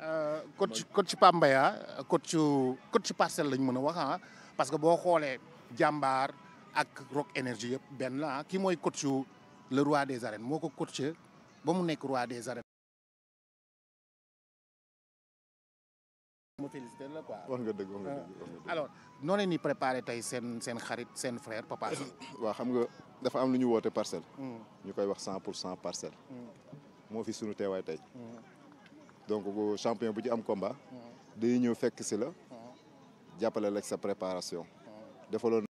Euh, coach coach Pape Mbaye ah coach coach Parcelles lañ mën a wax ah, parce que boo xoolee jàmbaar ak Rock Énergie yëpp benn la ah kii mooy coach le roi des arènes moo ko coaché ba mu nekk roi des arènes. mu félicité la quoi. wax nga dëgg wax nga dëgg tey seen seen xarit seen frère papa. waaw xam nga dafa am lu ñu woote parcelle. Hmm. ñu koy wax cent pour cent parcelle. Hmm. moo fi sunu teewaay tey. Hmm. donc champion bu ci am combat. day ñëw fekk si la. jàppale la sa préparation. defaloon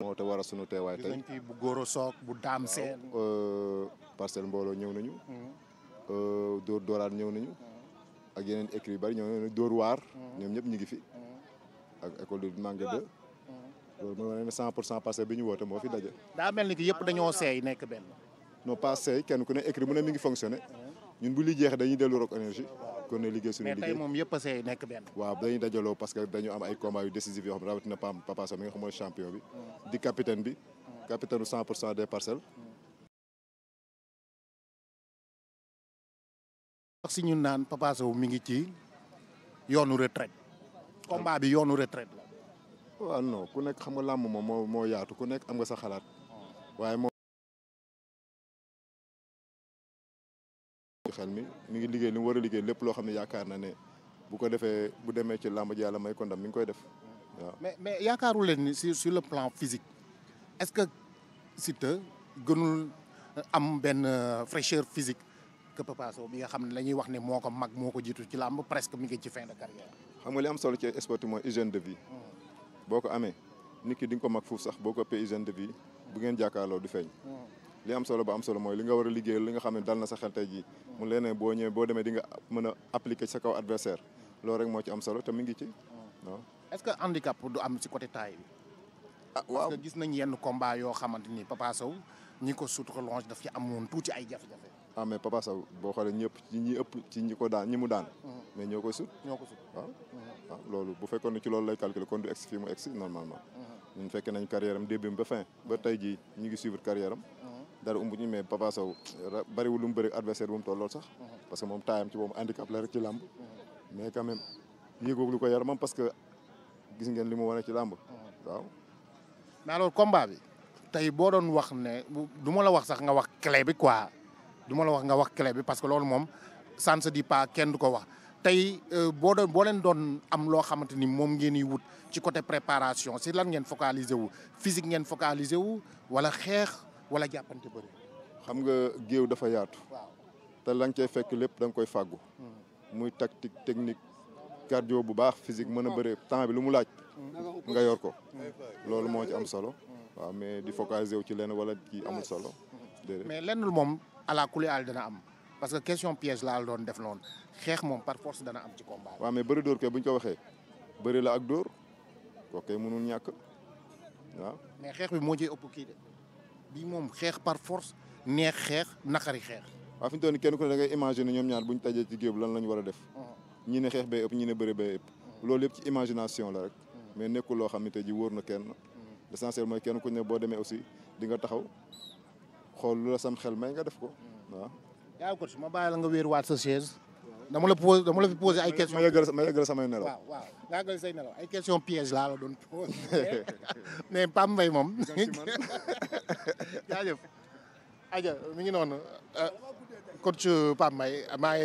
moo te sunu teewaay tey. dinañ bu góor a soog bu daam seen. Euh, parcelle mbooloo ñëw nañu. Hmm. Euh, Dóor Dóoraat ñëw nañu. ak yeneen écrits yu bari ñëw nañu Dóor Waar. Hmm. ñoom ñëpp ñu ngi fi. Hmm. ak école de Manga pour 100 parcelle bi moo fi daje. daa mel ni ki yëpp dañoo seey nekk benn. no pas seey kenn ku ne écrit mu ne mi ngi fonctionné ñun bu li jeex dañuy dellu Rock Énergie kon ne liggéey suñu moom yëpp a seey nekk benn. waaw dañuy dajaloo parce que dañu am ay combats yu décisifs yoo xam ne rawatina PAM di capitaine bi. capitaine bu 100 pour cent des parcelles. ñun naan Papa Sow mi ngi ci yoonu retraite. combat bi yoonu retraite la. waaw non ku nekk xam nga làmb moom moo yaatu ku nekk am nga sa xalaat waaye xel mi ngi liggéey li war a liggéey xam ne na ne bu ko defee bu demee ci làmb ji yàlla may ko ndam mi ngi koy def mais mais yaakaaru leen ni sur sur le plan physique est-ce que Siteu gënul euh, am benn euh, fraîcheur physique que Papa bi nga xam ne la ñuy wax ne moo ko mag moo ko jiitu ci làmb presque mi ngi ci fin de carrière. xam li am solo ci sport mooy de vie. Hmm. boo ko amee nit ki di ko mag foofu sax boo ko ëppee hygiène de vie bu ngeen jàkkaarloo du feeñ. Hmm. li am solo ba am solo mooy li nga war a liggéeyal li nga xam ne dal na sa xel tey jii mu leen boo ñëwee boo demee di nga mën a appliquer sa kaw adversaire loolu rek moo ci am solo te mi ngi ci waaw. est-ce que handicap du am ci côté taille bi. ah waaw parce que gis nañ yenn combat yoo xamante ni Papa Sow ñi ko sut longe daf ci amoon tuuti ay jafe-jafe. ah mais Papa Sow boo xoolee ñëpp ci ñi ëpp ci ñi ko daan ñi mu daan. Mm-hmm. mais ñoo koy sut. ñoo ko sut ah, waaw. waaw mm-hmm. ah, loolu bu fekkoon ne ci loolu lay calculer kon du egg fii mu egg normalement. Mm-hmm. ñun fekkee nañ carrière am début ba fin ba tey jii ñu ngi suivre carrière am dara umbu ñu mais Papa Sow bariwul mu bëri adversaire bu mu toll lool sax. parce que moom taayam ci boobu handicap la rek ci làmb. mais quand même yëgoog lu ko yaramam parce que gis ngeen li mu wane ci lamb waaw. mais alors combat bi tey boo doon wax ne du ma la wax sax nga wax clé bi quoi du ma la wax nga wax clé bi parce que loolu moom ça di se dit pas kenn du ko wax. tey euh, boo doon boo leen doon am loo xamante ni moom ngeen di wut ci côté préparation si lan ngeen focaliser wu physique ngeen focaliser wu wala xeex wala jàppante bëri. xam nga géew dafa yaatu. te la cee fekk lépp da koy fàggu. Hmm. muy tactique technique cardio bu baax physique mën a bëree temps bi lu mu laaj. Hmm. nga yor ko. Hmm. loolu moo ci am solo. waaw mais di focaliser wu ci lenn wala ci amul solo. mais lenn moom ala kulli aal dana am. parce que question piège laa doon def noonu xeex moom par force dana am ci combat waaw mais bëri dóor kay bu ñu ko waxee bëri la ak dóor kooku kay mënul ñàkk waaw. mais xeex bi moo ciy ëpp kii bi moom xeex par force neex xeex naqari xeex. waaw fi ñu toll kenn ku ne da ngay imaginer ñoom ñaar bu ñu tajee ci géew lan la ñu war a def. Oh. ñi xeex bee ëpp ñi ne bee ëpp. Oh. loolu yëpp ci imagination la rek. Mm. mais nekkul loo xam ne tey jii wóor na kenn. Mm. l'essentiel mooy kenn ku ne boo demee aussi di nga taxaw xool lu la sam xel may nga def ko mm. waaw. yaa ko dama la pose posé ay questions. ma yëgal ma yëgal samay nelaw waaw waaw nga yëgal say nelaw ay question piège laa la doon posé mais Pape Mbaye moom. jaajëf. aja mi ngi noonu euh, coach Pape Mbaye maa